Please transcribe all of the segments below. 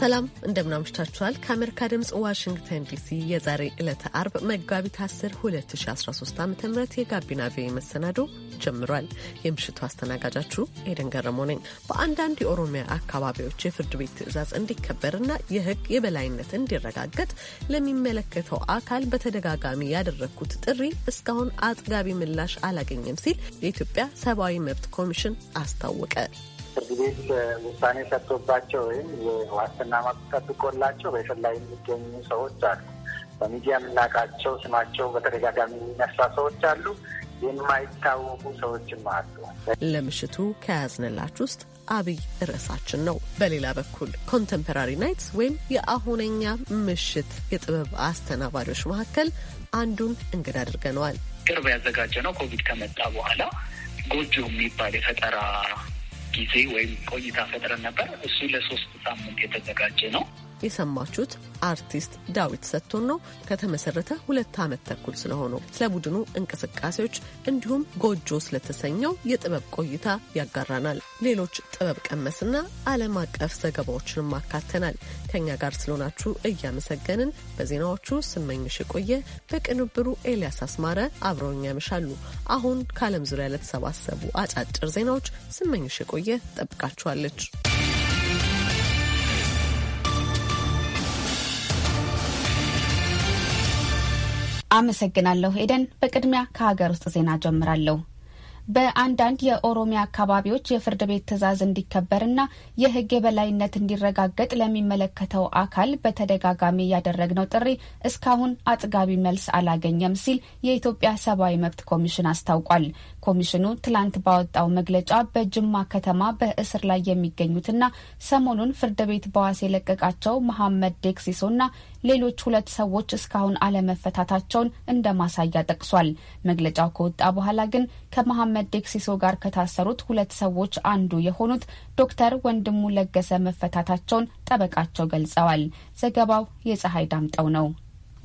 ሰላም እንደምናምሽታችኋል። ከአሜሪካ ድምፅ ዋሽንግተን ዲሲ የዛሬ ዕለተ አርብ መጋቢት 10 2013 ዓ ም የጋቢና ቪ መሰናዶ ጀምሯል። የምሽቱ አስተናጋጃችሁ ኤደን ገረሞ ነኝ። በአንዳንድ የኦሮሚያ አካባቢዎች የፍርድ ቤት ትዕዛዝ እንዲከበርና የሕግ የበላይነት እንዲረጋገጥ ለሚመለከተው አካል በተደጋጋሚ ያደረግኩት ጥሪ እስካሁን አጥጋቢ ምላሽ አላገኘም ሲል የኢትዮጵያ ሰብአዊ መብት ኮሚሽን አስታወቀ። ፍርድ ቤት ውሳኔ ሰጥቶባቸው ወይም የዋስትና መብት ጠብቆላቸው በእስር ላይ የሚገኙ ሰዎች አሉ። በሚዲያ የምናውቃቸው ስማቸው በተደጋጋሚ የሚነሳ ሰዎች አሉ። የማይታወቁ ሰዎችም አሉ። ለምሽቱ ከያዝንላችሁ ውስጥ አብይ ርዕሳችን ነው። በሌላ በኩል ኮንተምፐራሪ ናይትስ ወይም የአሁነኛ ምሽት የጥበብ አስተናባሪዎች መካከል አንዱን እንግዳ አድርገነዋል። ቅርብ ያዘጋጀ ነው። ኮቪድ ከመጣ በኋላ ጎጆ የሚባል የፈጠራ ጊዜ ወይም ቆይታ ፈጥረን ነበር። እሱ ለሶስት ሳምንት የተዘጋጀ ነው። የሰማችሁት አርቲስት ዳዊት ሰጥቶን ነው። ከተመሰረተ ሁለት ዓመት ተኩል ስለሆነው ስለ ቡድኑ እንቅስቃሴዎች እንዲሁም ጎጆ ስለተሰኘው የጥበብ ቆይታ ያጋራናል። ሌሎች ጥበብ ቀመስና ዓለም አቀፍ ዘገባዎችንም አካተናል። ከእኛ ጋር ስለሆናችሁ እያመሰገንን በዜናዎቹ ስመኝሽ የቆየ፣ በቅንብሩ ኤልያስ አስማረ አብረውኝ ያመሻሉ። አሁን ከዓለም ዙሪያ ለተሰባሰቡ አጫጭር ዜናዎች ስመኝሽ የቆየ ጠብቃችኋለች። አመሰግናለሁ ኤደን። በቅድሚያ ከሀገር ውስጥ ዜና ጀምራለሁ። በአንዳንድ የኦሮሚያ አካባቢዎች የፍርድ ቤት ትዕዛዝ እንዲከበርና የሕግ የበላይነት እንዲረጋገጥ ለሚመለከተው አካል በተደጋጋሚ ያደረግነው ጥሪ እስካሁን አጥጋቢ መልስ አላገኘም ሲል የኢትዮጵያ ሰብአዊ መብት ኮሚሽን አስታውቋል። ኮሚሽኑ ትላንት ባወጣው መግለጫ በጅማ ከተማ በእስር ላይ የሚገኙትና ሰሞኑን ፍርድ ቤት በዋስ የለቀቃቸው መሐመድ ዴክሲሶና ሌሎች ሁለት ሰዎች እስካሁን አለመፈታታቸውን እንደ ማሳያ ጠቅሷል። መግለጫው ከወጣ በኋላ ግን ከመሐመድ ዴክሲሶ ጋር ከታሰሩት ሁለት ሰዎች አንዱ የሆኑት ዶክተር ወንድሙ ለገሰ መፈታታቸውን ጠበቃቸው ገልጸዋል። ዘገባው የፀሐይ ዳምጠው ነው።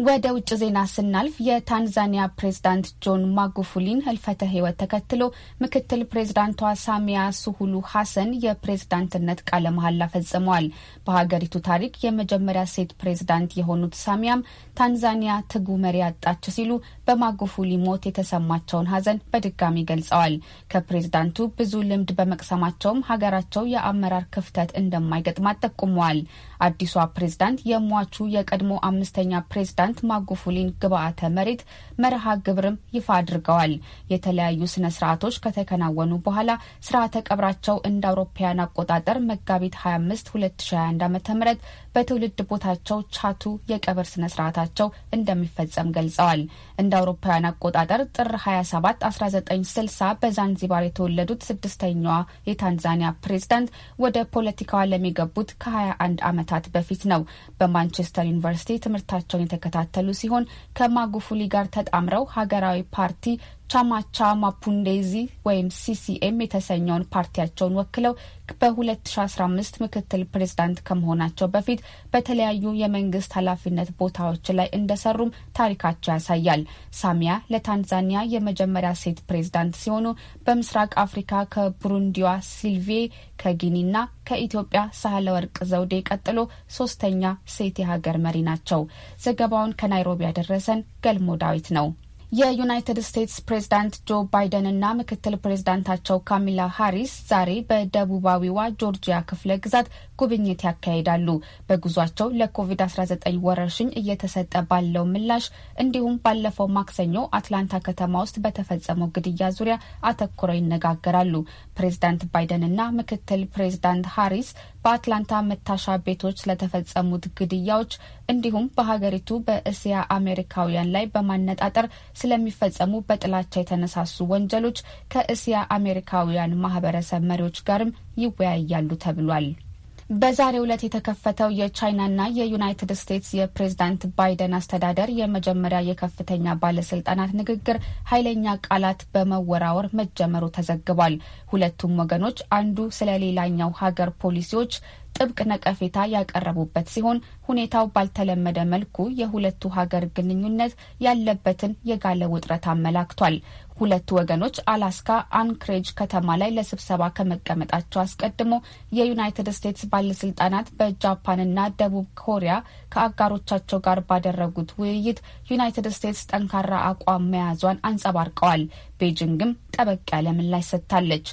ወደ ውጭ ዜና ስናልፍ የታንዛኒያ ፕሬዝዳንት ጆን ማጉፉሊን ህልፈተ ህይወት ተከትሎ ምክትል ፕሬዝዳንቷ ሳሚያ ሱሉሁ ሀሰን የፕሬዝዳንትነት ቃለ መሐላ ፈጽመዋል። በሀገሪቱ ታሪክ የመጀመሪያ ሴት ፕሬዝዳንት የሆኑት ሳሚያም ታንዛኒያ ትጉ መሪ ያጣች ሲሉ በማጉፉሊ ሞት የተሰማቸውን ሀዘን በድጋሚ ገልጸዋል። ከፕሬዝዳንቱ ብዙ ልምድ በመቅሰማቸውም ሀገራቸው የአመራር ክፍተት እንደማይገጥማት ጠቁመዋል። አዲሷ ፕሬዝዳንት የሟቹ የቀድሞ አምስተኛ ፕሬዝዳንት ማጉፉሊን ግብአተ መሬት መርሃ ግብርም ይፋ አድርገዋል። የተለያዩ ስነ ስርዓቶች ከተከናወኑ በኋላ ስርዓተ ቀብራቸው እንደ አውሮፓውያን አቆጣጠር መጋቢት 25 2021 ዓ ም በትውልድ ቦታቸው ቻቱ የቀብር ስነ ስርዓታቸው እንደሚፈጸም ገልጸዋል። እንደ አውሮፓውያን አቆጣጠር ጥር 27 1960 በዛንዚባር የተወለዱት ስድስተኛዋ የታንዛኒያ ፕሬዝዳንት ወደ ፖለቲካዋ ለሚገቡት ከ21 ዓመታት በፊት ነው። በማንቸስተር ዩኒቨርሲቲ ትምህርታቸውን የተከታተሉ ሲሆን ከማጉፉሊ ጋር ተጣምረው ሀገራዊ ፓርቲ ቻማቻ ማፑንዴዚ ወይም ሲሲኤም የተሰኘውን ፓርቲያቸውን ወክለው በ2015 ምክትል ፕሬዝዳንት ከመሆናቸው በፊት በተለያዩ የመንግስት ኃላፊነት ቦታዎች ላይ እንደሰሩም ታሪካቸው ያሳያል። ሳሚያ ለታንዛኒያ የመጀመሪያ ሴት ፕሬዝዳንት ሲሆኑ በምስራቅ አፍሪካ ከቡሩንዲዋ ሲልቪዬ ከጊኒና ከኢትዮጵያ ሳህለ ወርቅ ዘውዴ ቀጥሎ ሶስተኛ ሴት የሀገር መሪ ናቸው። ዘገባውን ከናይሮቢ ያደረሰን ገልሞ ዳዊት ነው። የዩናይትድ ስቴትስ ፕሬዝዳንት ጆ ባይደን እና ምክትል ፕሬዝዳንታቸው ካሚላ ሃሪስ ዛሬ በደቡባዊዋ ጆርጂያ ክፍለ ግዛት ጉብኝት ያካሂዳሉ። በጉዟቸው ለኮቪድ-19 ወረርሽኝ እየተሰጠ ባለው ምላሽ እንዲሁም ባለፈው ማክሰኞ አትላንታ ከተማ ውስጥ በተፈጸመው ግድያ ዙሪያ አተኩረው ይነጋገራሉ። ፕሬዝዳንት ባይደንና ምክትል ፕሬዝዳንት ሃሪስ በአትላንታ መታሻ ቤቶች ስለተፈጸሙት ግድያዎች እንዲሁም በሀገሪቱ በእስያ አሜሪካውያን ላይ በማነጣጠር ስለሚፈጸሙ በጥላቻ የተነሳሱ ወንጀሎች ከእስያ አሜሪካውያን ማህበረሰብ መሪዎች ጋርም ይወያያሉ ተብሏል። በዛሬው ዕለት የተከፈተው የቻይናና የዩናይትድ ስቴትስ የፕሬዝዳንት ባይደን አስተዳደር የመጀመሪያ የከፍተኛ ባለስልጣናት ንግግር ኃይለኛ ቃላት በመወራወር መጀመሩ ተዘግቧል። ሁለቱም ወገኖች አንዱ ስለ ሌላኛው ሀገር ፖሊሲዎች ጥብቅ ነቀፌታ ያቀረቡበት ሲሆን ሁኔታው ባልተለመደ መልኩ የሁለቱ ሀገር ግንኙነት ያለበትን የጋለ ውጥረት አመላክቷል። ሁለቱ ወገኖች አላስካ አንክሬጅ ከተማ ላይ ለስብሰባ ከመቀመጣቸው አስቀድሞ የዩናይትድ ስቴትስ ባለስልጣናት በጃፓንና ደቡብ ኮሪያ ከአጋሮቻቸው ጋር ባደረጉት ውይይት ዩናይትድ ስቴትስ ጠንካራ አቋም መያዟን አንጸባርቀዋል። ቤጂንግም ጠበቅ ያለ ምላሽ ሰጥታለች።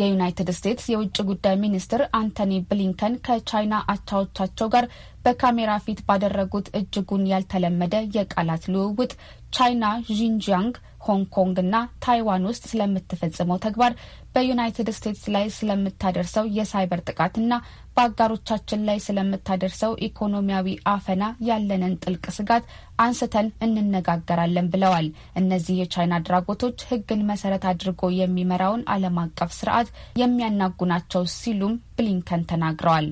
የዩናይትድ ስቴትስ የውጭ ጉዳይ ሚኒስትር አንቶኒ ብሊንከን ከቻይና አቻዎቻቸው ጋር በካሜራ ፊት ባደረጉት እጅጉን ያልተለመደ የቃላት ልውውጥ ቻይና ዢንጂያንግ ሆንግ ኮንግ እና ታይዋን ውስጥ ስለምትፈጽመው ተግባር በዩናይትድ ስቴትስ ላይ ስለምታደርሰው የሳይበር ጥቃትና በአጋሮቻችን ላይ ስለምታደርሰው ኢኮኖሚያዊ አፈና ያለንን ጥልቅ ስጋት አንስተን እንነጋገራለን ብለዋል። እነዚህ የቻይና አድራጎቶች ሕግን መሰረት አድርጎ የሚመራውን ዓለም አቀፍ ስርዓት የሚያናጉ ናቸው ሲሉም ብሊንከን ተናግረዋል።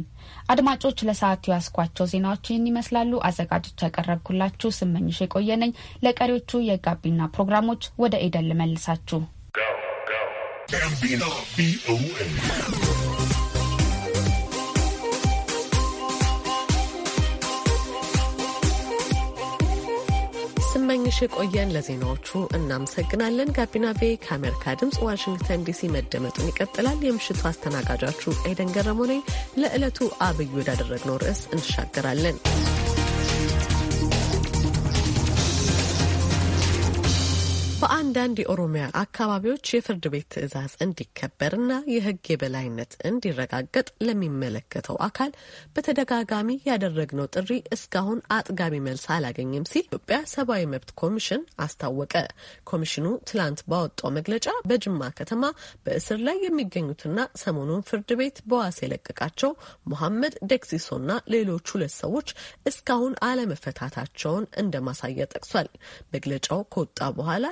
አድማጮች ለሰዓቱ ያስኳቸው ዜናዎች ይህን ይመስላሉ። አዘጋጆች ያቀረብኩላችሁ ስመኝሽ የቆየነኝ። ለቀሪዎቹ የጋቢና ፕሮግራሞች ወደ ኤደን ልመልሳችሁ። ጋቢና ቪኦኤ ስመኝሽ የቆየን ለዜናዎቹ እናመሰግናለን። ጋቢና ቬ ከአሜሪካ ድምፅ ዋሽንግተን ዲሲ መደመጡን ይቀጥላል። የምሽቱ አስተናጋጃችሁ ኤደን ገረሞኔ። ለዕለቱ አብይ ወዳደረግነው ርዕስ እንሻገራለን። በአንዳንድ የኦሮሚያ አካባቢዎች የፍርድ ቤት ትዕዛዝ እንዲከበርና የሕግ የበላይነት እንዲረጋገጥ ለሚመለከተው አካል በተደጋጋሚ ያደረግነው ጥሪ እስካሁን አጥጋቢ መልስ አላገኘም ሲል ኢትዮጵያ ሰብአዊ መብት ኮሚሽን አስታወቀ። ኮሚሽኑ ትላንት ባወጣው መግለጫ በጅማ ከተማ በእስር ላይ የሚገኙትና ሰሞኑን ፍርድ ቤት በዋስ የለቀቃቸው ሞሐመድ ደክሲሶና ሌሎች ሁለት ሰዎች እስካሁን አለመፈታታቸውን እንደማሳያ ጠቅሷል። መግለጫው ከወጣ በኋላ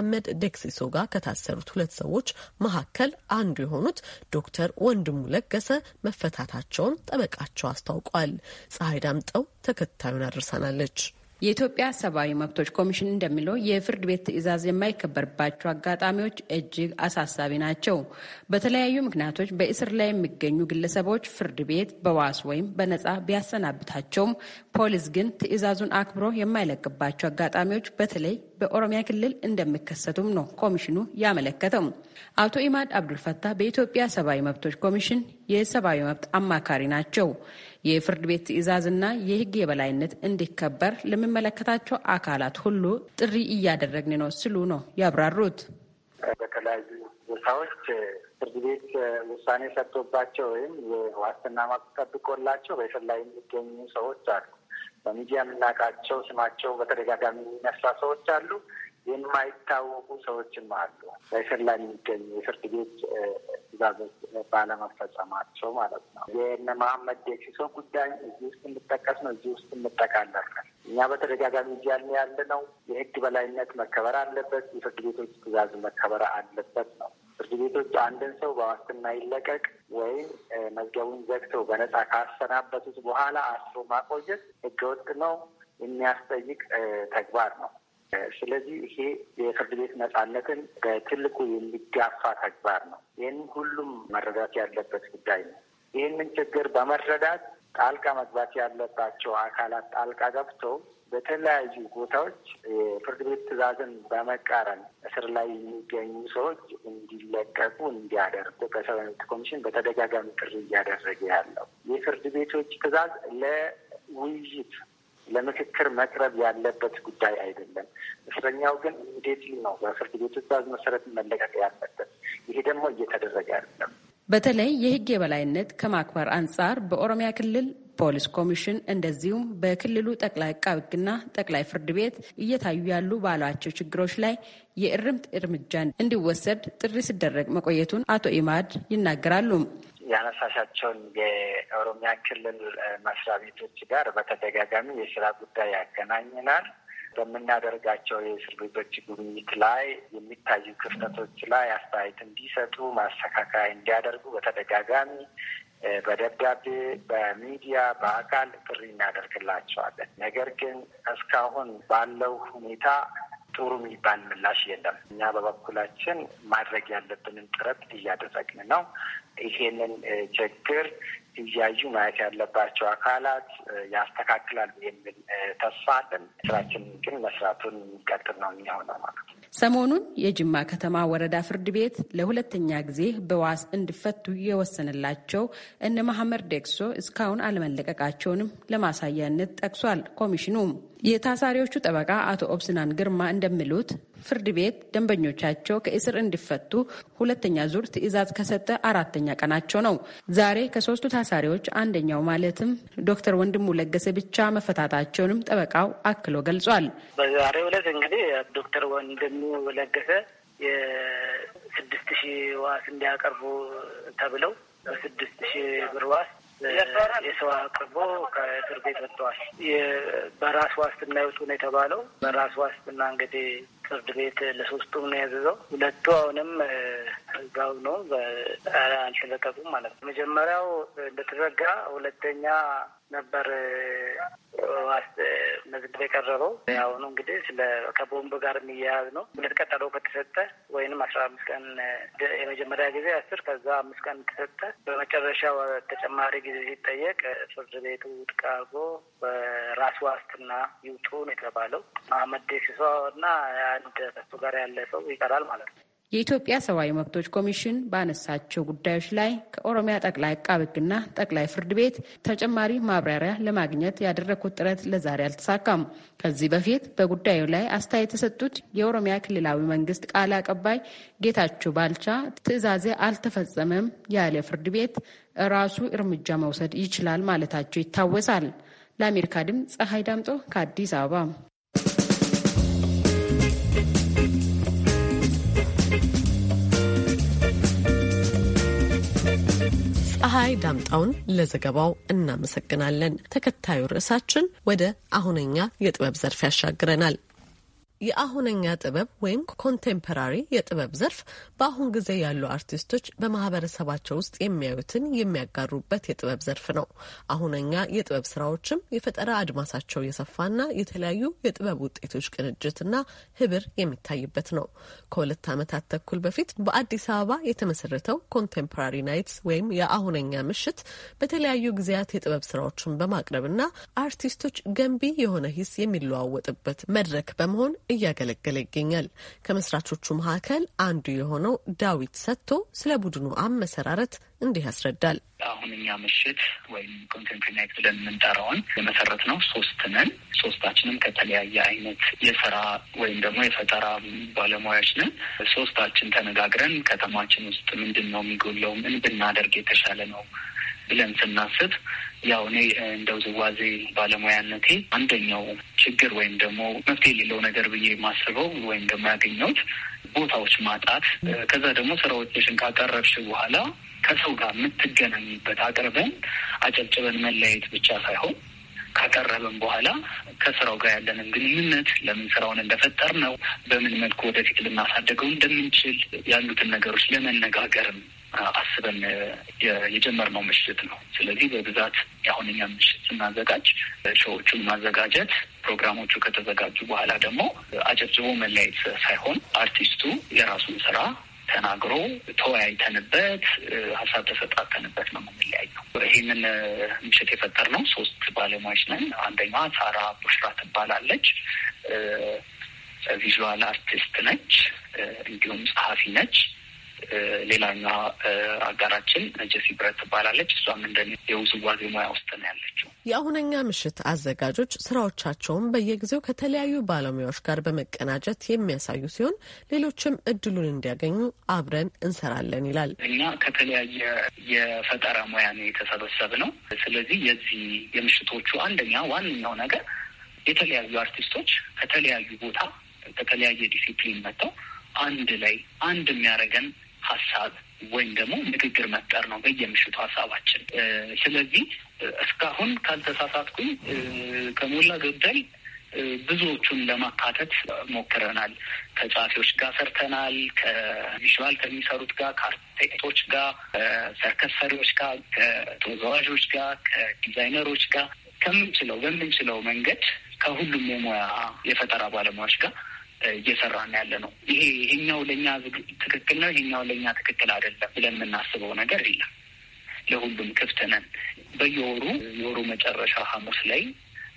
መሐመድ ደክሲሶ ጋር ከታሰሩት ሁለት ሰዎች መካከል አንዱ የሆኑት ዶክተር ወንድሙ ለገሰ መፈታታቸውን ጠበቃቸው አስታውቋል። ፀሐይ ዳምጠው ተከታዩን አድርሳናለች። የኢትዮጵያ ሰብአዊ መብቶች ኮሚሽን እንደሚለው የፍርድ ቤት ትዕዛዝ የማይከበርባቸው አጋጣሚዎች እጅግ አሳሳቢ ናቸው። በተለያዩ ምክንያቶች በእስር ላይ የሚገኙ ግለሰቦች ፍርድ ቤት በዋስ ወይም በነጻ ቢያሰናብታቸውም ፖሊስ ግን ትዕዛዙን አክብሮ የማይለቅባቸው አጋጣሚዎች በተለይ በኦሮሚያ ክልል እንደሚከሰቱም ነው ኮሚሽኑ ያመለከተው። አቶ ኢማድ አብዱልፈታ በኢትዮጵያ ሰብአዊ መብቶች ኮሚሽን የሰብአዊ መብት አማካሪ ናቸው። የፍርድ ቤት ትዕዛዝና የህግ የበላይነት እንዲከበር ለሚመለከታቸው አካላት ሁሉ ጥሪ እያደረግን ነው ሲሉ ነው ያብራሩት። በተለያዩ ቦታዎች ፍርድ ቤት ውሳኔ ሰጥቶባቸው ወይም የዋስትና መብት ጠብቆላቸው በእስር ላይ የሚገኙ ሰዎች አሉ። በሚዲያ የምናውቃቸው ስማቸው በተደጋጋሚ የሚነሳ ሰዎች አሉ። የማይታወቁ ሰዎችም አሉ። በእስር ላይ የሚገኙ የፍርድ ቤት ትዕዛዞች ባለመፈጸማቸው ማለት ነው። የእነ መሀመድ ደሲሶ ጉዳይ እዚህ ውስጥ እንጠቀስ ነው፣ እዚህ ውስጥ እንጠቃለለን። እኛ በተደጋጋሚ እያልን ያለ ነው የህግ በላይነት መከበር አለበት፣ የፍርድ ቤቶች ትዕዛዝ መከበር አለበት ነው። ፍርድ ቤቶች አንድን ሰው በዋስትና ይለቀቅ ወይም መዝገቡን ዘግተው በነጻ ካሰናበቱት በኋላ አስሮ ማቆየት ህገወጥ ነው፣ የሚያስጠይቅ ተግባር ነው። ስለዚህ ይሄ የፍርድ ቤት ነጻነትን በትልቁ የሚጋፋ ተግባር ነው። ይህን ሁሉም መረዳት ያለበት ጉዳይ ነው። ይህንን ችግር በመረዳት ጣልቃ መግባት ያለባቸው አካላት ጣልቃ ገብተው በተለያዩ ቦታዎች የፍርድ ቤት ትዕዛዝን በመቃረን እስር ላይ የሚገኙ ሰዎች እንዲለቀቁ እንዲያደርጉ በሰብአዊ መብት ኮሚሽን በተደጋጋሚ ጥሪ እያደረገ ያለው የፍርድ ቤቶች ትዕዛዝ ለውይይት ለምክክር መቅረብ ያለበት ጉዳይ አይደለም። እስረኛው ግን እንዴት ነው በፍርድ ቤት ትዕዛዝ መሰረት መለቀቅ ያለበት። ይሄ ደግሞ እየተደረገ አይደለም። በተለይ የህግ የበላይነት ከማክበር አንጻር በኦሮሚያ ክልል ፖሊስ ኮሚሽን እንደዚሁም በክልሉ ጠቅላይ አቃቤ ሕግና ጠቅላይ ፍርድ ቤት እየታዩ ያሉ ባሏቸው ችግሮች ላይ የእርምት እርምጃ እንዲወሰድ ጥሪ ሲደረግ መቆየቱን አቶ ኢማድ ይናገራሉ። ያነሳሻቸውን የኦሮሚያ ክልል መስሪያ ቤቶች ጋር በተደጋጋሚ የስራ ጉዳይ ያገናኝናል። በምናደርጋቸው የእስር ቤቶች ጉብኝት ላይ የሚታዩ ክፍተቶች ላይ አስተያየት እንዲሰጡ ማስተካከያ እንዲያደርጉ በተደጋጋሚ በደብዳቤ፣ በሚዲያ፣ በአካል ጥሪ እናደርግላቸዋለን። ነገር ግን እስካሁን ባለው ሁኔታ ጥሩ የሚባል ምላሽ የለም። እኛ በበኩላችን ማድረግ ያለብንን ጥረት እያደረግን ነው። ይሄንን ችግር እያዩ ማየት ያለባቸው አካላት ያስተካክላል የሚል ተስፋ አለን። ስራችን ግን መስራቱን የሚቀጥል ነው የሚሆነው ማለት ነው። ሰሞኑን የጅማ ከተማ ወረዳ ፍርድ ቤት ለሁለተኛ ጊዜ በዋስ እንዲፈቱ የወሰነላቸው እነ መሐመድ ደግሶ እስካሁን አለመለቀቃቸውንም ለማሳያነት ጠቅሷል። ኮሚሽኑም የታሳሪዎቹ ጠበቃ አቶ ኦብስናን ግርማ እንደሚሉት ፍርድ ቤት ደንበኞቻቸው ከእስር እንዲፈቱ ሁለተኛ ዙር ትዕዛዝ ከሰጠ አራተኛ ቀናቸው ነው። ዛሬ ከሶስቱ ታሳሪዎች አንደኛው ማለትም ዶክተር ወንድሙ ለገሰ ብቻ መፈታታቸውንም ጠበቃው አክሎ ገልጿል። በዛሬው ዕለት እንግዲህ ዶክተር ወንድሙ ለገሰ የስድስት ሺህ ዋስ እንዲያቀርቡ ተብለው በስድስት ሺህ ብር ዋስ የሰው አቅርቦ ከእስር ቤት ወጥተዋል። በራስ ዋስትና ይወጡ ነው የተባለው። በራስ ዋስትና እንግዲህ ፍርድ ቤት ለሶስቱም ነው ያዘዘው። ሁለቱ አሁንም እዛው ነው አልተለቀቁም ማለት ነው። መጀመሪያው እንደተዘጋ ሁለተኛ ነበር ምዝግብ የቀረበው አሁኑ እንግዲህ ስለ ከቦምብ ጋር የሚያያዝ ነው። ሁለት ቀጠሮ ከተሰጠ ወይንም አስራ አምስት ቀን የመጀመሪያ ጊዜ አስር ከዛ አምስት ቀን ተሰጠ። በመጨረሻው ተጨማሪ ጊዜ ሲጠየቅ ፍርድ ቤቱ ውድቅ አድርጎ በራስ ዋስትና ይውጡ ነው የተባለው። መሐመድ ደሲሶ እና አንድ ከሱ ጋር ያለ ሰው ይቀራል ማለት ነው። የኢትዮጵያ ሰብአዊ መብቶች ኮሚሽን ባነሳቸው ጉዳዮች ላይ ከኦሮሚያ ጠቅላይ አቃቤ ሕግና ጠቅላይ ፍርድ ቤት ተጨማሪ ማብራሪያ ለማግኘት ያደረግኩት ጥረት ለዛሬ አልተሳካም። ከዚህ በፊት በጉዳዩ ላይ አስተያየት የሰጡት የኦሮሚያ ክልላዊ መንግስት ቃል አቀባይ ጌታቸው ባልቻ ትዕዛዜ አልተፈጸመም ያለ ፍርድ ቤት ራሱ እርምጃ መውሰድ ይችላል ማለታቸው ይታወሳል። ለአሜሪካ ድምፅ ፀሐይ ዳምጦ ከአዲስ አበባ ፀሐይ ዳምጣውን ለዘገባው እናመሰግናለን። ተከታዩ ርዕሳችን ወደ አሁነኛ የጥበብ ዘርፍ ያሻግረናል። የአሁነኛ ጥበብ ወይም ኮንቴምፐራሪ የጥበብ ዘርፍ በአሁን ጊዜ ያሉ አርቲስቶች በማህበረሰባቸው ውስጥ የሚያዩትን የሚያጋሩበት የጥበብ ዘርፍ ነው። አሁነኛ የጥበብ ስራዎችም የፈጠራ አድማሳቸው የሰፋና የተለያዩ የጥበብ ውጤቶች ቅንጅትና ህብር የሚታይበት ነው። ከሁለት ዓመታት ተኩል በፊት በአዲስ አበባ የተመሰረተው ኮንቴምፖራሪ ናይትስ ወይም የአሁነኛ ምሽት በተለያዩ ጊዜያት የጥበብ ስራዎችን በማቅረብና አርቲስቶች ገንቢ የሆነ ሂስ የሚለዋወጥበት መድረክ በመሆን እያገለገለ ይገኛል። ከመስራቾቹ መካከል አንዱ የሆነው ዳዊት ሰጥቶ ስለ ቡድኑ አመሰራረት እንዲህ ያስረዳል። አሁን እኛ ምሽት ወይም ኮንቴንት ናይት ብለን የምንጠራውን የመሰረት ነው። ሶስት ነን። ሶስታችንም ከተለያየ አይነት የስራ ወይም ደግሞ የፈጠራ ባለሙያዎች ነን። ሶስታችን ተነጋግረን ከተማችን ውስጥ ምንድን ነው የሚጎለውም ምን ብናደርግ የተሻለ ነው ብለን ስናስብ ያው እኔ እንደ ውዝዋዜ ባለሙያነቴ አንደኛው ችግር ወይም ደግሞ መፍትሄ የሌለው ነገር ብዬ የማስበው ወይም ደግሞ ያገኘሁት ቦታዎች ማጣት፣ ከዛ ደግሞ ስራዎችሽን ካቀረብሽ በኋላ ከሰው ጋር የምትገናኝበት አቅርበን አጨብጭበን መለያየት ብቻ ሳይሆን ካቀረብን በኋላ ከስራው ጋር ያለንን ግንኙነት ለምን ስራውን እንደፈጠር ነው በምን መልኩ ወደፊት ልናሳደገው እንደምንችል ያሉትን ነገሮች ለመነጋገርም አስበን የጀመርነው ምሽት ነው። ስለዚህ በብዛት የአሁንኛ ምሽት ስናዘጋጅ ሾዎቹን ማዘጋጀት ፕሮግራሞቹ ከተዘጋጁ በኋላ ደግሞ አጨብጭቦ መለያየት ሳይሆን አርቲስቱ የራሱን ስራ ተናግሮ ተወያይተንበት ሀሳብ ተሰጣተንበት ነው የምንለያየው። ይህንን ምሽት የፈጠርነው ሶስት ባለሙያዎች ነን። አንደኛ ሳራ ቡሽራ ትባላለች። ቪዥዋል አርቲስት ነች፣ እንዲሁም ጸሐፊ ነች። ሌላኛ አጋራችን ጀሲ ብረት ትባላለች። እሷም እንደ የውዝዋዜ ሙያ ውስጥ ነው ያለችው። የአሁነኛ ምሽት አዘጋጆች ስራዎቻቸውን በየጊዜው ከተለያዩ ባለሙያዎች ጋር በመቀናጀት የሚያሳዩ ሲሆን ሌሎችም እድሉን እንዲያገኙ አብረን እንሰራለን ይላል። እኛ ከተለያየ የፈጠራ ሙያ ነው የተሰበሰብ ነው። ስለዚህ የዚህ የምሽቶቹ አንደኛ ዋነኛው ነገር የተለያዩ አርቲስቶች ከተለያዩ ቦታ ከተለያየ ዲሲፕሊን መጥተው አንድ ላይ አንድ የሚያደርገን ሀሳብ ወይም ደግሞ ንግግር መፍጠር ነው በየምሽቱ ሀሳባችን። ስለዚህ እስካሁን ካልተሳሳትኩኝ ከሞላ ጎደል ብዙዎቹን ለማካተት ሞክረናል። ከጸሐፊዎች ጋር ሰርተናል። ከቪዥዋል ከሚሰሩት ጋር፣ ከአርክቴክቶች ጋር፣ ከሰርከስ ሰሪዎች ጋር፣ ከተወዛዋዦች ጋር፣ ከዲዛይነሮች ጋር ከምንችለው በምንችለው መንገድ ከሁሉም የሙያ የፈጠራ ባለሙያዎች ጋር እየሰራን ያለ ነው። ይሄ ይሄኛው ለእኛ ትክክል ነው፣ ይሄኛው ለእኛ ትክክል አይደለም ብለን የምናስበው ነገር የለም። ለሁሉም ክፍት ነን። በየወሩ የወሩ መጨረሻ ሐሙስ ላይ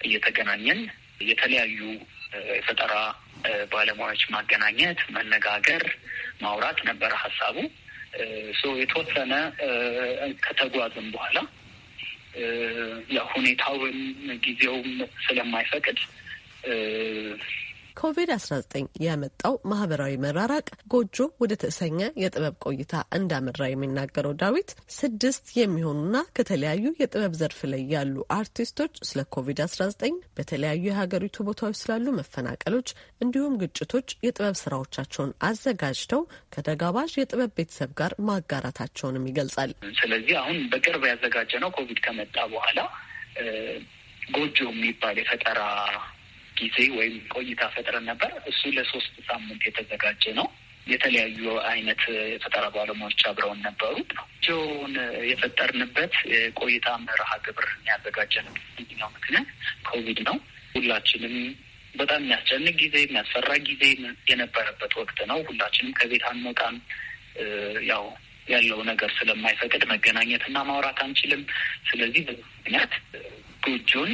እየተገናኘን የተለያዩ የፈጠራ ባለሙያዎች ማገናኘት፣ መነጋገር፣ ማውራት ነበረ ሀሳቡ። የተወሰነ ከተጓዝም በኋላ ያው ሁኔታውን ጊዜውም ስለማይፈቅድ ኮቪድ-19 ያመጣው ማህበራዊ መራራቅ ጎጆ ወደ ተሰኘ የጥበብ ቆይታ እንዳመራ የሚናገረው ዳዊት ስድስት የሚሆኑና ከተለያዩ የጥበብ ዘርፍ ላይ ያሉ አርቲስቶች ስለ ኮቪድ-19 በተለያዩ የሀገሪቱ ቦታዎች ስላሉ መፈናቀሎች እንዲሁም ግጭቶች የጥበብ ስራዎቻቸውን አዘጋጅተው ከተጋባዥ የጥበብ ቤተሰብ ጋር ማጋራታቸውንም ይገልጻል። ስለዚህ አሁን በቅርብ ያዘጋጀ ነው። ኮቪድ ከመጣ በኋላ ጎጆ የሚባል የፈጠራ ጊዜ ወይም ቆይታ ፈጥረን ነበር። እሱ ለሶስት ሳምንት የተዘጋጀ ነው። የተለያዩ አይነት የፈጠራ ባለሙያዎች አብረውን ነበሩ። ጆውን የፈጠርንበት የቆይታ መርሃ ግብር ያዘጋጀነው ነው ምክንያት ኮቪድ ነው። ሁላችንም በጣም የሚያስጨንቅ ጊዜ፣ የሚያስፈራ ጊዜ የነበረበት ወቅት ነው። ሁላችንም ከቤት አንወጣም። ያው ያለው ነገር ስለማይፈቅድ መገናኘትና ማውራት አንችልም። ስለዚህ ምክንያት ጎጆን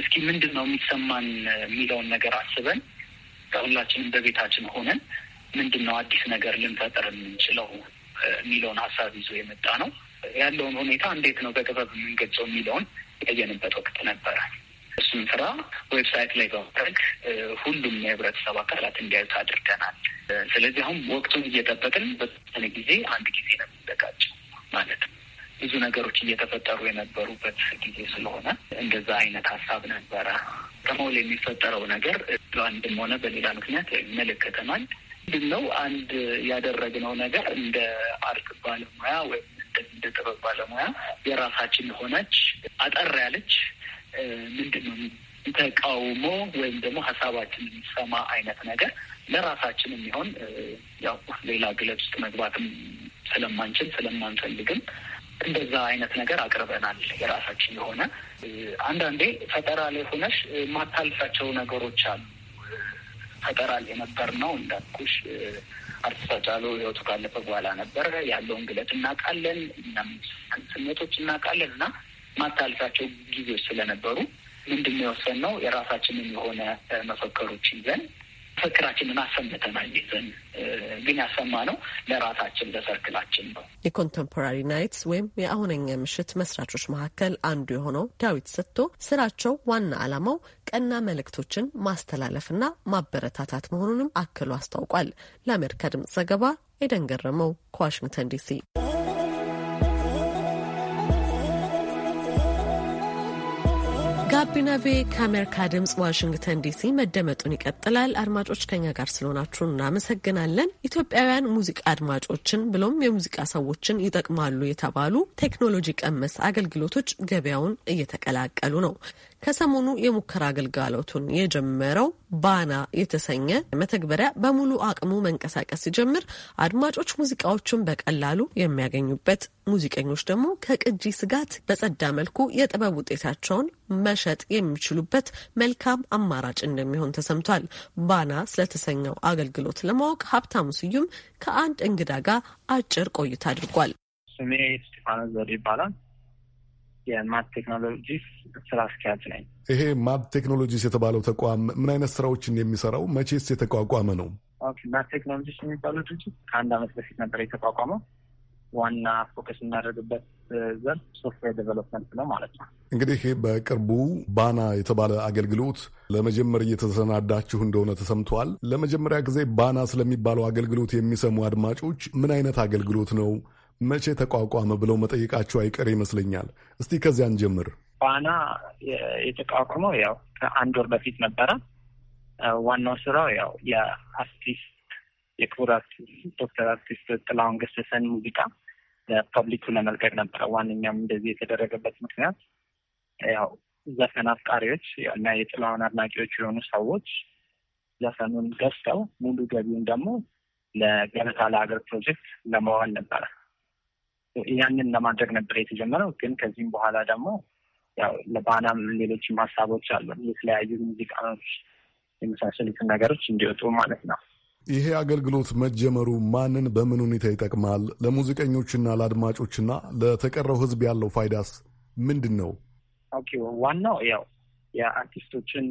እስኪ ምንድን ነው የሚሰማን የሚለውን ነገር አስበን ሁላችንም በቤታችን ሆነን ምንድን ነው አዲስ ነገር ልንፈጥር የምንችለው የሚለውን ሀሳብ ይዞ የመጣ ነው። ያለውን ሁኔታ እንዴት ነው በጥበብ የምንገልጸው የሚለውን ያየንበት ወቅት ነበረ። እሱም ስራ ዌብሳይት ላይ በማድረግ ሁሉም የህብረተሰብ አካላት እንዲያዩት አድርገናል። ስለዚህ አሁን ወቅቱን እየጠበቅን በተወሰነ ጊዜ አንድ ጊዜ ነው የሚዘጋጀው ማለት ነው። ብዙ ነገሮች እየተፈጠሩ የነበሩበት ጊዜ ስለሆነ እንደዛ አይነት ሀሳብ ነበረ። ከመውል የሚፈጠረው ነገር በአንድም ሆነ በሌላ ምክንያት ይመለከተናል። ምንድን ነው አንድ ያደረግነው ነገር እንደ አርት ባለሙያ ወይም እንደ ጥበብ ባለሙያ የራሳችን የሆነች አጠር ያለች ምንድን ነው ተቃውሞ ወይም ደግሞ ሀሳባችን የሚሰማ አይነት ነገር ለራሳችን የሚሆን ያው ሌላ ግለጽ ውስጥ መግባትም ስለማንችል ስለማንፈልግም እንደዛ አይነት ነገር አቅርበናል። የራሳችን የሆነ አንዳንዴ ፈጠራ ላይ ሆነሽ የማታልፋቸው ነገሮች አሉ። ፈጠራ ላይ ነበር ነው እንዳልኩሽ። አርቲስት ህይወቱ ካለፈ በኋላ ነበረ ያለውን ግለት እናውቃለን፣ ስሜቶች እናውቃለን እና ማታልፋቸው ጊዜዎች ስለነበሩ ምንድን ነው የወሰን ነው የራሳችንን የሆነ መፈከሮች ይዘን ፍክራችንን አሰምተን ይዘን ግን ያሰማ ነው ለራሳችን ለሰርክላችን ነው። የኮንቴምፖራሪ ናይትስ ወይም የአሁነኛ ምሽት መስራቾች መካከል አንዱ የሆነው ዳዊት ሰጥቶ ስራቸው ዋና ዓላማው ቀና መልእክቶችን ማስተላለፍና ማበረታታት መሆኑንም አክሎ አስታውቋል። ለአሜሪካ ድምጽ ዘገባ ኤደን ገረመው ከዋሽንግተን ዲሲ ጋቢና ቬ ከአሜሪካ ድምፅ ዋሽንግተን ዲሲ መደመጡን ይቀጥላል። አድማጮች ከኛ ጋር ስለሆናችሁ እናመሰግናለን። ኢትዮጵያውያን ሙዚቃ አድማጮችን ብሎም የሙዚቃ ሰዎችን ይጠቅማሉ የተባሉ ቴክኖሎጂ ቀመስ አገልግሎቶች ገበያውን እየተቀላቀሉ ነው። ከሰሞኑ የሙከራ አገልጋሎቱን የጀመረው ባና የተሰኘ መተግበሪያ በሙሉ አቅሙ መንቀሳቀስ ሲጀምር አድማጮች ሙዚቃዎችን በቀላሉ የሚያገኙበት፣ ሙዚቀኞች ደግሞ ከቅጂ ስጋት በጸዳ መልኩ የጥበብ ውጤታቸውን መሸጥ የሚችሉበት መልካም አማራጭ እንደሚሆን ተሰምቷል። ባና ስለተሰኘው አገልግሎት ለማወቅ ሀብታሙ ስዩም ከአንድ እንግዳ ጋር አጭር ቆይታ አድርጓል። ስሜ ስቴፋኖስ ዘር ይባላል። የማት ቴክኖሎጂስ ስራ አስኪያጅ ነኝ። ይሄ ማት ቴክኖሎጂስ የተባለው ተቋም ምን አይነት ስራዎችን የሚሰራው? መቼስ የተቋቋመ ነው? ማት ቴክኖሎጂስ የሚባለው ድርጅት ከአንድ አመት በፊት ነበር የተቋቋመው። ዋና ፎከስ የሚያደርግበት ዘርፍ ሶፍትዌር ዴቨሎፕመንት ነው ማለት ነው። እንግዲህ በቅርቡ ባና የተባለ አገልግሎት ለመጀመር እየተሰናዳችሁ እንደሆነ ተሰምተዋል። ለመጀመሪያ ጊዜ ባና ስለሚባለው አገልግሎት የሚሰሙ አድማጮች ምን አይነት አገልግሎት ነው መቼ ተቋቋመ ብለው መጠየቃቸው አይቀር ይመስለኛል። እስቲ ከዚያን ጀምር። ዋና የተቋቋመው ያው ከአንድ ወር በፊት ነበረ። ዋናው ስራው ያው የአርቲስት የክቡር አርቲስት ዶክተር አርቲስት ጥላሁን ገሰሰን ሙዚቃ ለፐብሊኩ ለመልቀቅ ነበረ። ዋነኛም እንደዚህ የተደረገበት ምክንያት ያው ዘፈን አፍቃሪዎች እና የጥላሁን አድናቂዎች የሆኑ ሰዎች ዘፈኑን ገዝተው ሙሉ ገቢውን ደግሞ ለገበታ ለሀገር ፕሮጀክት ለመዋል ነበረ። ያንን ለማድረግ ነበር የተጀመረው። ግን ከዚህም በኋላ ደግሞ ያው ለባናም ሌሎችም ሀሳቦች አሉ የተለያዩ ሙዚቃዎች የመሳሰሉትን ነገሮች እንዲወጡ ማለት ነው። ይሄ አገልግሎት መጀመሩ ማንን በምን ሁኔታ ይጠቅማል? ለሙዚቀኞችና ለአድማጮችና ለተቀረው ህዝብ ያለው ፋይዳስ ምንድን ነው? ኦኬ ዋናው ያው የአርቲስቶችን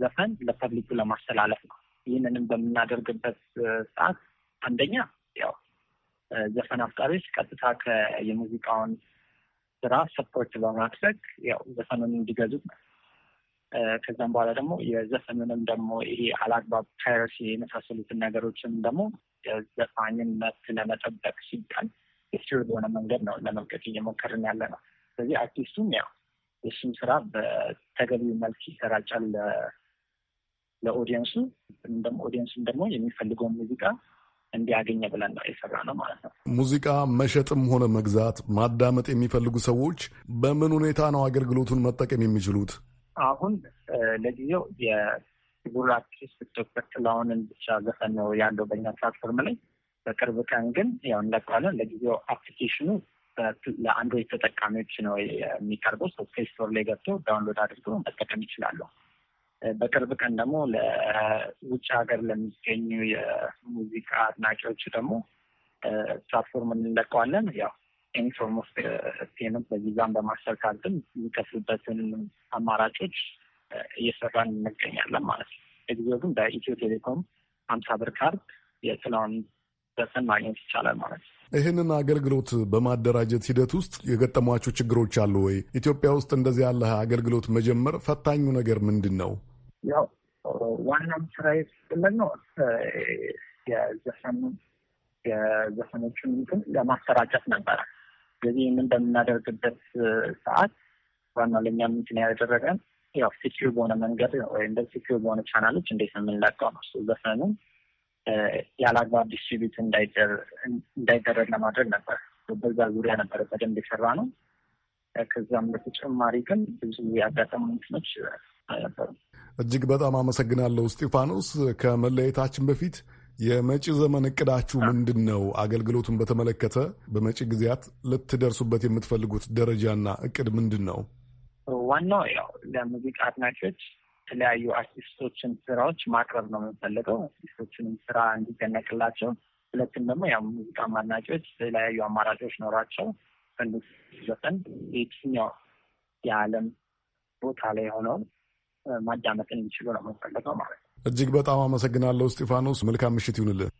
ዘፈን ለፐብሊኩ ለማስተላለፍ ነው። ይህንንም በምናደርግበት ሰዓት አንደኛ ያው ዘፈን አፍቃሪዎች ቀጥታ የሙዚቃውን ስራ ሰፖርት በማድረግ ያው ዘፈኑን እንዲገዙት ነው። ከዛም በኋላ ደግሞ የዘፈኑንም ደግሞ ይሄ አላግባብ ፓይረሲ የመሳሰሉትን ነገሮችን ደግሞ የዘፋኝን መብት ለመጠበቅ ሲባል የስር በሆነ መንገድ ነው ለመልቀቅ እየሞከርን ያለ ነው። ስለዚህ አርቲስቱም ያው የሱም ስራ በተገቢው መልክ ይሰራጫል ለኦዲየንሱ፣ ደግሞ ኦዲየንሱም ደግሞ የሚፈልገውን ሙዚቃ እንዲያገኘ ብለን ነው የሰራ ነው ማለት ነው። ሙዚቃ መሸጥም ሆነ መግዛት ማዳመጥ የሚፈልጉ ሰዎች በምን ሁኔታ ነው አገልግሎቱን መጠቀም የሚችሉት? አሁን ለጊዜው የፊጉር አርቲስት ዶክተር ጥላሁንን ብቻ ዘፈን ነው ያለው በኛ ፕላትፎርም ላይ። በቅርብ ቀን ግን ያው እንለቀዋለን። ለጊዜው አፕሊኬሽኑ ለአንድሮይድ ተጠቃሚዎች ነው የሚቀርበው። ፕሌይ ስቶር ላይ ገብቶ ዳውንሎድ አድርጎ መጠቀም ይችላሉ። በቅርብ ቀን ደግሞ ለውጭ ሀገር ለሚገኙ የሙዚቃ አድናቂዎች ደግሞ ፕላትፎርም እንለቀዋለን። ያው ኤኒፎርም ኦፍ ፔመንት በቪዛም በማስተር ካርድም አማራጮች እየሰራን እንገኛለን ማለት ነው። ለጊዜው ግን በኢትዮ ቴሌኮም ሀምሳ ብር ካርድ የጥላውን ደርሰን ማግኘት ይቻላል ማለት ነው። ይህንን አገልግሎት በማደራጀት ሂደት ውስጥ የገጠሟቸው ችግሮች አሉ ወይ? ኢትዮጵያ ውስጥ እንደዚህ ያለ አገልግሎት መጀመር ፈታኙ ነገር ምንድን ነው? ያው ዋናም ስራ የተፈለግ ነው የዘፈኑ የዘፈኖችን እንትን ለማሰራጨት ነበረ። ስለዚህ ይህንን በምናደርግበት ሰዓት ዋናው ለእኛ ምንትን ያደረገን ያው ሲኪር በሆነ መንገድ ወይም ደ ሲኪር በሆነ ቻናሎች እንዴት ነው የምንለቀው ነው ዘፈኑን ያለ አግባብ ዲስትሪቢዩት እንዳይደረግ ለማድረግ ነበር። በዛ ዙሪያ ነበረ በደንብ የሰራ ነው። ከዛም በተጨማሪ ግን ብዙ ያጋጠሙ ምክኖች አልነበሩም። እጅግ በጣም አመሰግናለሁ እስጢፋኖስ። ከመለየታችን በፊት የመጪ ዘመን እቅዳችሁ ምንድን ነው? አገልግሎቱን በተመለከተ በመጪ ጊዜያት ልትደርሱበት የምትፈልጉት ደረጃና እቅድ ምንድን ነው? ዋናው ያው ለሙዚቃ አድናቂዎች የተለያዩ አርቲስቶችን ስራዎች ማቅረብ ነው የምንፈልገው። አርቲስቶችንም ስራ እንዲደነቅላቸው፣ ሁለትም ደግሞ ያው ሙዚቃ አድናቂዎች የተለያዩ አማራጮች ኖሯቸው ዘፈን የትኛው የዓለም ቦታ ላይ ሆነው ማዳመጥ እንዲችሉ ነው የምንፈልገው ማለት ነው። እጅግ በጣም አመሰግናለሁ እስጢፋኖስ። መልካም ምሽት ይሁንልን።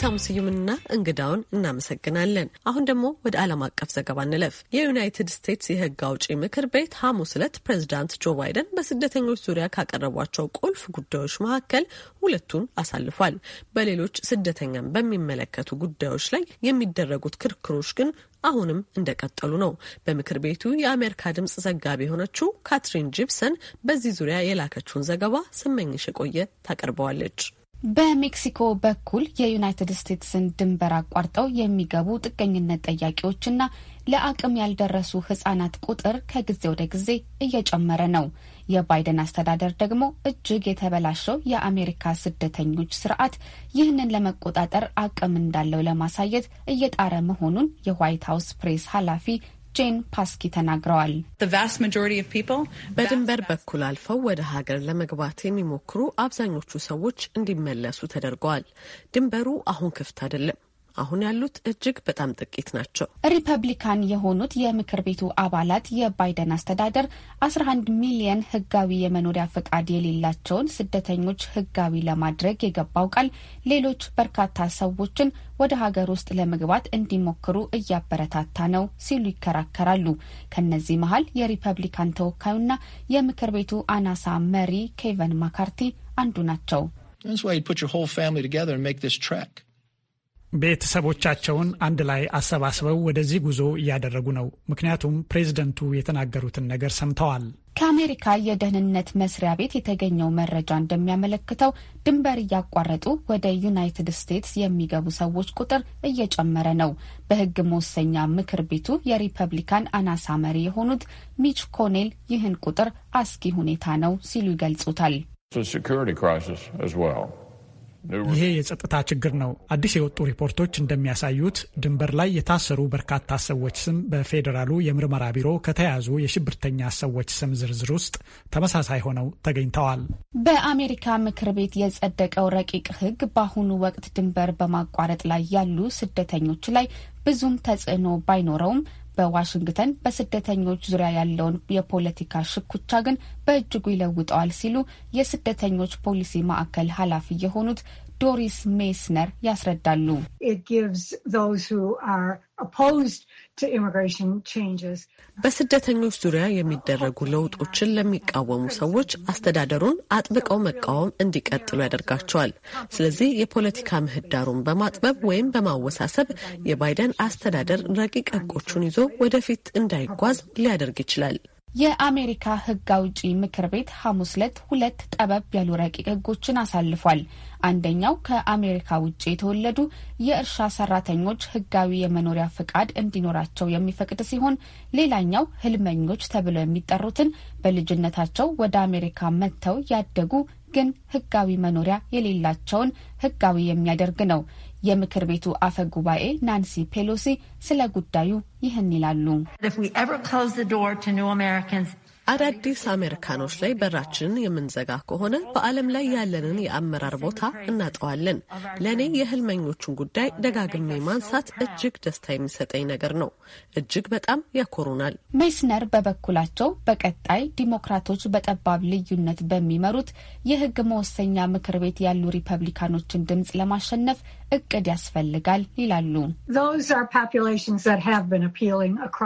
ሀብታሙ ስዩምና እንግዳውን እናመሰግናለን። አሁን ደግሞ ወደ ዓለም አቀፍ ዘገባ እንለፍ። የዩናይትድ ስቴትስ የህግ አውጪ ምክር ቤት ሐሙስ ዕለት ፕሬዚዳንት ጆ ባይደን በስደተኞች ዙሪያ ካቀረቧቸው ቁልፍ ጉዳዮች መካከል ሁለቱን አሳልፏል። በሌሎች ስደተኛን በሚመለከቱ ጉዳዮች ላይ የሚደረጉት ክርክሮች ግን አሁንም እንደቀጠሉ ነው። በምክር ቤቱ የአሜሪካ ድምፅ ዘጋቢ የሆነችው ካትሪን ጂፕሰን በዚህ ዙሪያ የላከችውን ዘገባ ስመኝሽ የቆየ ታቀርበዋለች። በሜክሲኮ በኩል የዩናይትድ ስቴትስን ድንበር አቋርጠው የሚገቡ ጥገኝነት ጠያቂዎችና ለአቅም ያልደረሱ ህጻናት ቁጥር ከጊዜ ወደ ጊዜ እየጨመረ ነው። የባይደን አስተዳደር ደግሞ እጅግ የተበላሸው የአሜሪካ ስደተኞች ስርዓት ይህንን ለመቆጣጠር አቅም እንዳለው ለማሳየት እየጣረ መሆኑን የዋይት ሀውስ ፕሬስ ኃላፊ ጄን ፓስኪ ተናግረዋል። በድንበር በኩል አልፈው ወደ ሀገር ለመግባት የሚሞክሩ አብዛኞቹ ሰዎች እንዲመለሱ ተደርገዋል። ድንበሩ አሁን ክፍት አይደለም። አሁን ያሉት እጅግ በጣም ጥቂት ናቸው። ሪፐብሊካን የሆኑት የምክር ቤቱ አባላት የባይደን አስተዳደር 11 ሚሊየን ህጋዊ የመኖሪያ ፈቃድ የሌላቸውን ስደተኞች ህጋዊ ለማድረግ የገባው ቃል ሌሎች በርካታ ሰዎችን ወደ ሀገር ውስጥ ለመግባት እንዲሞክሩ እያበረታታ ነው ሲሉ ይከራከራሉ። ከነዚህ መሀል የሪፐብሊካን ተወካዩና የምክር ቤቱ አናሳ መሪ ኬቨን ማካርቲ አንዱ ናቸው። That's why you put your whole family together and make this trek. ቤተሰቦቻቸውን አንድ ላይ አሰባስበው ወደዚህ ጉዞ እያደረጉ ነው። ምክንያቱም ፕሬዝደንቱ የተናገሩትን ነገር ሰምተዋል። ከአሜሪካ የደህንነት መስሪያ ቤት የተገኘው መረጃ እንደሚያመለክተው ድንበር እያቋረጡ ወደ ዩናይትድ ስቴትስ የሚገቡ ሰዎች ቁጥር እየጨመረ ነው። በሕግ መወሰኛ ምክር ቤቱ የሪፐብሊካን አናሳ መሪ የሆኑት ሚች ኮኔል ይህን ቁጥር አስጊ ሁኔታ ነው ሲሉ ይገልጹታል። ይሄ የጸጥታ ችግር ነው። አዲስ የወጡ ሪፖርቶች እንደሚያሳዩት ድንበር ላይ የታሰሩ በርካታ ሰዎች ስም በፌዴራሉ የምርመራ ቢሮ ከተያዙ የሽብርተኛ ሰዎች ስም ዝርዝር ውስጥ ተመሳሳይ ሆነው ተገኝተዋል። በአሜሪካ ምክር ቤት የጸደቀው ረቂቅ ሕግ በአሁኑ ወቅት ድንበር በማቋረጥ ላይ ያሉ ስደተኞች ላይ ብዙም ተጽዕኖ ባይኖረውም በዋሽንግተን በስደተኞች ዙሪያ ያለውን የፖለቲካ ሽኩቻ ግን በእጅጉ ይለውጠዋል ሲሉ የስደተኞች ፖሊሲ ማዕከል ኃላፊ የሆኑት ዶሪስ ሜስነር ያስረዳሉ። በስደተኞች ዙሪያ የሚደረጉ ለውጦችን ለሚቃወሙ ሰዎች አስተዳደሩን አጥብቀው መቃወም እንዲቀጥሉ ያደርጋቸዋል። ስለዚህ የፖለቲካ ምህዳሩን በማጥበብ ወይም በማወሳሰብ የባይደን አስተዳደር ረቂቅ ሕጎቹን ይዞ ወደፊት እንዳይጓዝ ሊያደርግ ይችላል። የአሜሪካ ሕግ አውጪ ምክር ቤት ሐሙስ ዕለት ሁለት ጠበብ ያሉ ረቂቅ ሕጎችን አሳልፏል። አንደኛው ከአሜሪካ ውጭ የተወለዱ የእርሻ ሰራተኞች ህጋዊ የመኖሪያ ፍቃድ እንዲኖራቸው የሚፈቅድ ሲሆን ሌላኛው ህልመኞች ተብለው የሚጠሩትን በልጅነታቸው ወደ አሜሪካ መጥተው ያደጉ ግን ህጋዊ መኖሪያ የሌላቸውን ህጋዊ የሚያደርግ ነው። የምክር ቤቱ አፈ ጉባኤ ናንሲ ፔሎሲ ስለ ጉዳዩ ይህን ይላሉ። አዳዲስ አሜሪካኖች ላይ በራችንን የምንዘጋ ከሆነ በዓለም ላይ ያለንን የአመራር ቦታ እናጠዋለን። ለእኔ የህልመኞቹን ጉዳይ ደጋግሜ ማንሳት እጅግ ደስታ የሚሰጠኝ ነገር ነው። እጅግ በጣም ያኮሩናል። ሜስነር በበኩላቸው በቀጣይ ዲሞክራቶች በጠባብ ልዩነት በሚመሩት የህግ መወሰኛ ምክር ቤት ያሉ ሪፐብሊካኖችን ድምፅ ለማሸነፍ እቅድ ያስፈልጋል ይላሉ።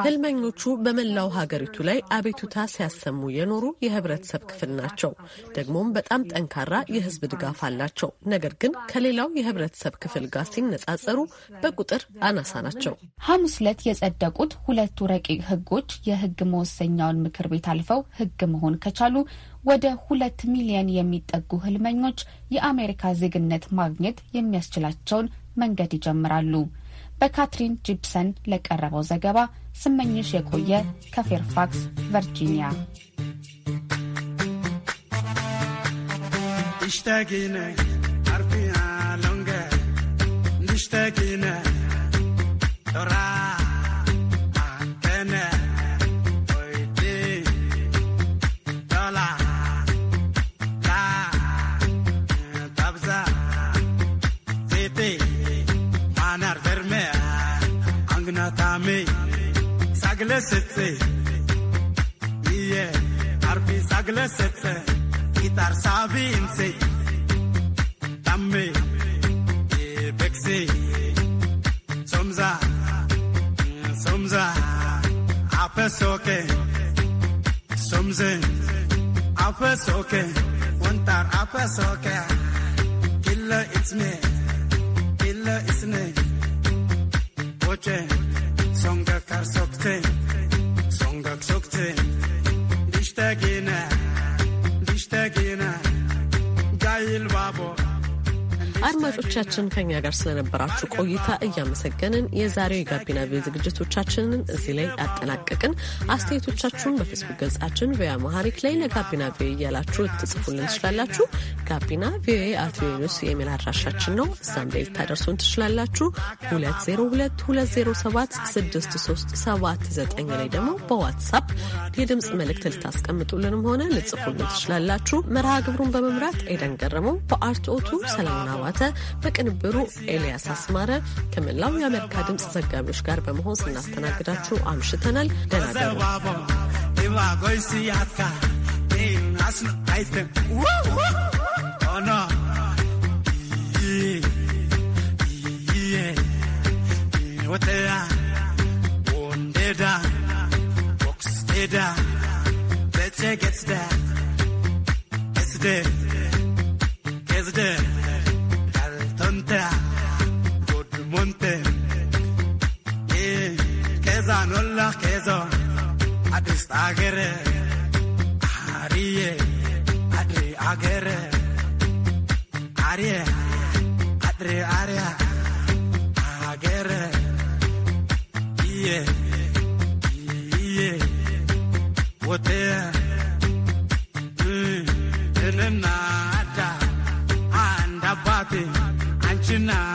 ህልመኞቹ በመላው ሀገሪቱ ላይ አቤቱታ ሲያሰሙ የኖሩ የህብረተሰብ ክፍል ናቸው። ደግሞም በጣም ጠንካራ የህዝብ ድጋፍ አላቸው። ነገር ግን ከሌላው የህብረተሰብ ክፍል ጋር ሲነጻጸሩ በቁጥር አናሳ ናቸው። ሐሙስ ዕለት የጸደቁት ሁለቱ ረቂቅ ህጎች የህግ መወሰኛውን ምክር ቤት አልፈው ህግ መሆን ከቻሉ ወደ ሁለት ሚሊዮን የሚጠጉ ህልመኞች የአሜሪካ ዜግነት ማግኘት የሚያስችላቸውን መንገድ ይጀምራሉ። በካትሪን ጂፕሰን ለቀረበው ዘገባ ስመኝሽ የቆየ ከፌርፋክስ ቨርጂኒያ። اشتاقينا saglasate iye arbi saglasate gitar sabiinse tamme bekse somza somza apesoke somze apesoke wantar apesoke killa it's me killa it's me watch it Songakar soktin, songak soktin Dişte gine, dişte gine Gayil babo አድማጮቻችን ከኛ ጋር ስለነበራችሁ ቆይታ እያመሰገንን የዛሬው የጋቢና ቪ ዝግጅቶቻችንን እዚህ ላይ አጠናቀቅን። አስተያየቶቻችሁን በፌስቡክ ገጻችን ቪያ መሀሪክ ላይ ለጋቢና ቪ እያላችሁ ትጽፉልን ትችላላችሁ። ጋቢና ቪኦኤ አት ቪኦኤ አድራሻችን ነው። እዛም ላይ ልታደርሱን ትችላላችሁ። 2022076379 ላይ ደግሞ በዋትሳፕ የድምፅ መልእክት ልታስቀምጡልንም ሆነ ልጽፉልን ትችላላችሁ። መርሃ ግብሩን በመምራት ኤደን ገረመው፣ በአርትኦቱ ሰለሞን አባተ፣ በቅንብሩ ኤልያስ አስማረ ከመላው የአሜሪካ ድምፅ ዘጋቢዎች ጋር በመሆን ስናስተናግዳችሁ አምሽተናል። ደህና It's it's montea, God monte. Eh, keza nolla keza, adis agere, arie, adre agere, arie, adre aria, agere, iye, iye, wotea, mm, enena. tonight.